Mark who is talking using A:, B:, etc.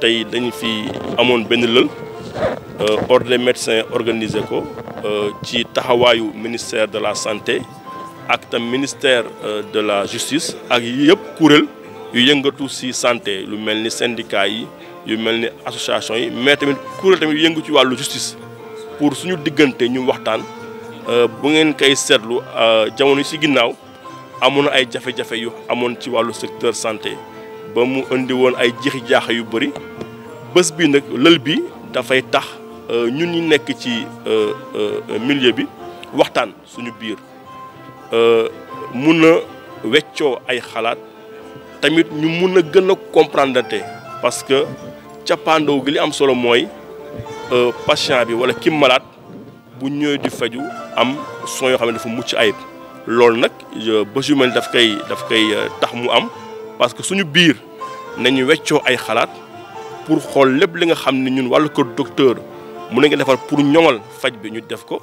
A: tey dañu fi amoon benn lël euh, ordre des médecins organisé ko euh, ci taxawaayu ministère de la santé ak tam ministère euh, de la justice ak yëpp kuréel yu yëngatu ci santé lu mel ni syndicat yi yu mel ni association yi mais tamit kuréel tamit yëngu ci wàllu justice pour suñu diggante ñu waxtaan bu ngeen kay seetlu jamono yi ci ginnaaw amoon ay jafe-jafe yu amoon ci wàllu secteur santé ba mu indi woon ay jixi jaaxa yu bëri bés bi nag lël bi dafay tax euh, ñun ñi nekk ci euh, euh, millier bi waxtaan suñu biir mun na weccoo ay xalaat tamit ñu mun na gën a comprendre te parce que cappaandaw gi li am solo mooy patient bi wala ki malade bu ñëwee di faju am soin yoo xam ne dafa mucc ayib. loolu nag Bës Yu Mel daf koy daf koy euh, tax mu am parce que suñu biir nañu weccoo ay xalaat pour xool lépp li nga xam ni ñun wàll ko docteur mun nañu defar pour ñoŋal faj bi ñu def ko.